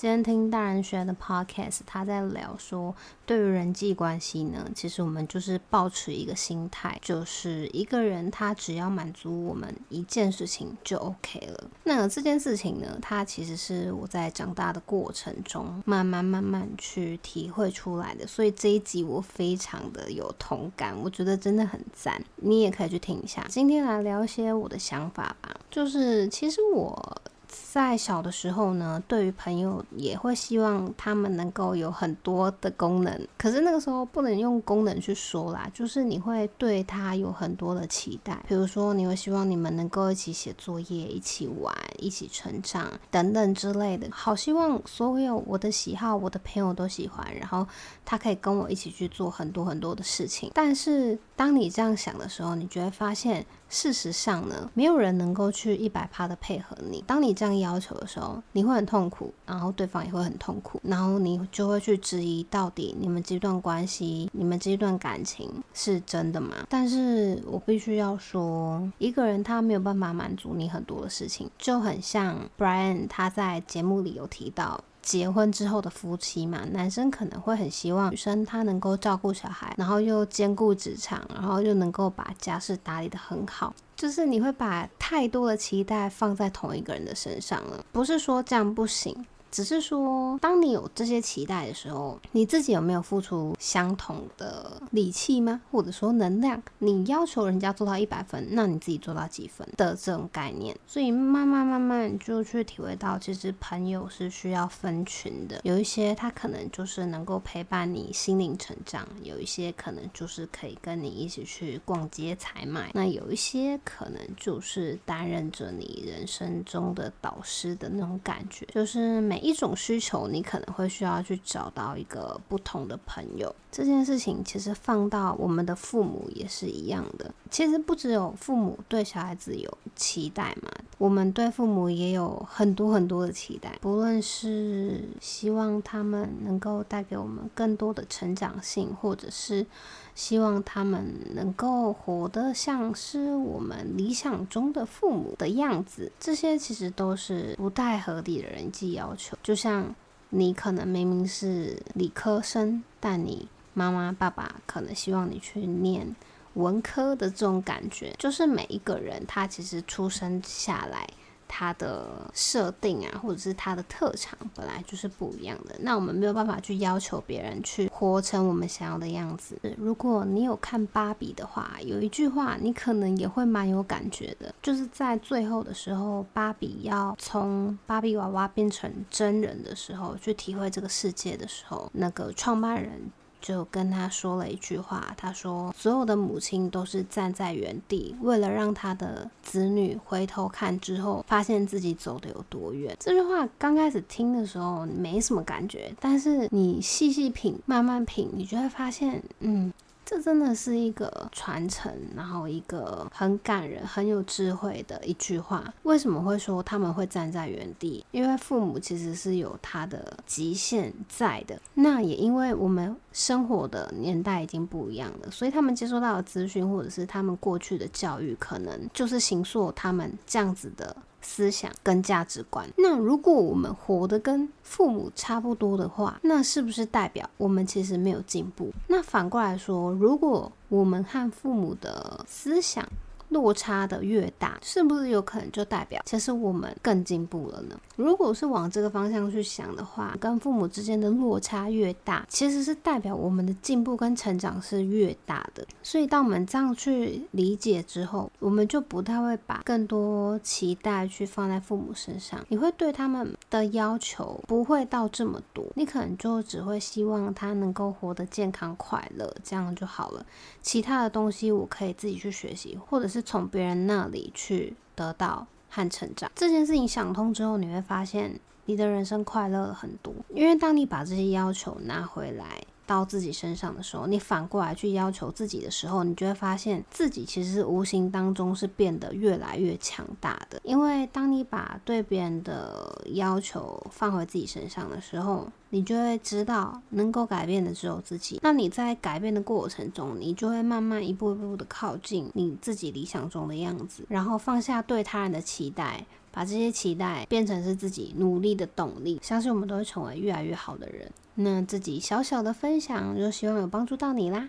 今天聽大人學的 podcast，他在聊說，對於人際關係呢，其實我們就是抱持一個心態，就是一個人他只要滿足我們一件事情就 OK 了。那這件事情呢，它其實是我在長大的過程中，慢慢慢慢去體會出來的。所以這一集我非常的有同感，我覺得真的很讚，你也可以去聽一下。今天來聊一些我的想法吧，就是其實我。在小的時候呢，對於朋友也會希望他們能夠有很多的功能，可是那個時候不能用功能去說啦，就是你會對他有很多的期待，比如說你會希望你們能夠一起寫作業、一起玩、一起成長等等之類的。好希望所有我的喜好，我的朋友都喜歡，然後他可以跟我一起去做很多很多的事情。但是當你這樣想的時候，你就會發現。事實上呢，沒有人能夠去一百趴的配合你。當你這樣要求的時候，你會很痛苦，然後對方也會很痛苦，然後你就會去質疑到底你們這段關係、你們這段感情是真的嗎？但是我必須要說，一個人他沒有辦法滿足你很多的事情，就很像 Brian 他在節目裡有提到。結婚之後的夫妻嘛，男生可能會很希望女生她能夠照顧小孩，然後又兼顧職場，然後又能夠把家事打理得很好。就是你會把太多的期待放在同一個人的身上了，不是說這樣不行。只是說，當你有這些期待的時候，你自己有沒有付出相同的力氣嗎？或者說能量？你要求人家做到一百分，那你自己做到幾分的這種概念？所以慢慢慢慢就去體會到，其實朋友是需要分群的。有一些他可能就是能夠陪伴你心靈成長，有一些可能就是可以跟你一起去逛街採買，那有一些可能就是擔任着你人生中的導師的那種感覺，就是每一種需求，你可能會需要去找到一個不同的朋友。這件事情其實放到我們的父母也是一樣的。其實不只有父母對小孩子有期待嘛，我們對父母也有很多很多的期待，不論是希望他們能夠帶給我們更多的成長性，或者是希望他們能夠活得像是我們理想中的父母的樣子，這些其實都是不太合理的人際要求。就像你可能明明是理科生，但你媽媽爸爸可能希望你去念文科的這種感覺，就是每一個人他其實出生下來。他的設定啊，或者是他的特長，本來就是不一樣的。那我們沒有辦法去要求別人去活成我們想要的樣子。如果你有看芭比的話，有一句話你可能也會蠻有感覺的，就是在最後的時候，芭比要從芭比娃娃變成真人的時候，去體會這個世界的時候，那個創辦人。就跟他說了一句話，他說：“所有的母親都是站在原地，為了讓他的子女回頭看之後，發現自己走得有多遠。”這句話剛開始聽的時候沒什麼感覺，但是你細細品，慢慢品，你就會發現，嗯。這真的是一個傳承，然後一個很感人、很有智慧的一句話。為什麼會說他們會站在原地？因為父母其實是有他的極限在的。那也因為我們生活的年代已經不一樣了，所以他們接收到的資訊或者是他們過去的教育，可能就是形塑他們這樣子的。思想跟價值觀。那如果我們活得跟父母差不多的話，那是不是代表我們其實沒有進步？那反過來說，如果我們和父母的思想，落差的越大，是不是有可能就代表其實我們更進步了呢？如果是往這個方向去想的話，跟父母之間的落差越大，其實是代表我們的進步跟成長是越大的。所以當我們這樣去理解之後，我們就不太會把更多期待去放在父母身上，你會對他們的要求不會到這麼多，你可能就只會希望他能夠活得健康快樂，這樣就好了。其他的東西我可以自己去學習，或者是。從別人那裡去得到和成長這件事情想通之後，你會發現你的人生快樂了很多。因為當你把這些要求拿回來，到自己身上的時候，你反過來去要求自己的時候，你就會發現自己其實無形當中是變得越來越強大的。因為當你把對別人的要求放回自己身上的時候，你就會知道能夠改變的只有自己。那你在改變的過程中，你就會慢慢一步一步的靠近你自己理想中的樣子，然後放下對他人的期待。把這些期待變成是自己努力的動力，相信我們都會成為越來越好的人。那自己小小的分享，就希望有幫助到你啦。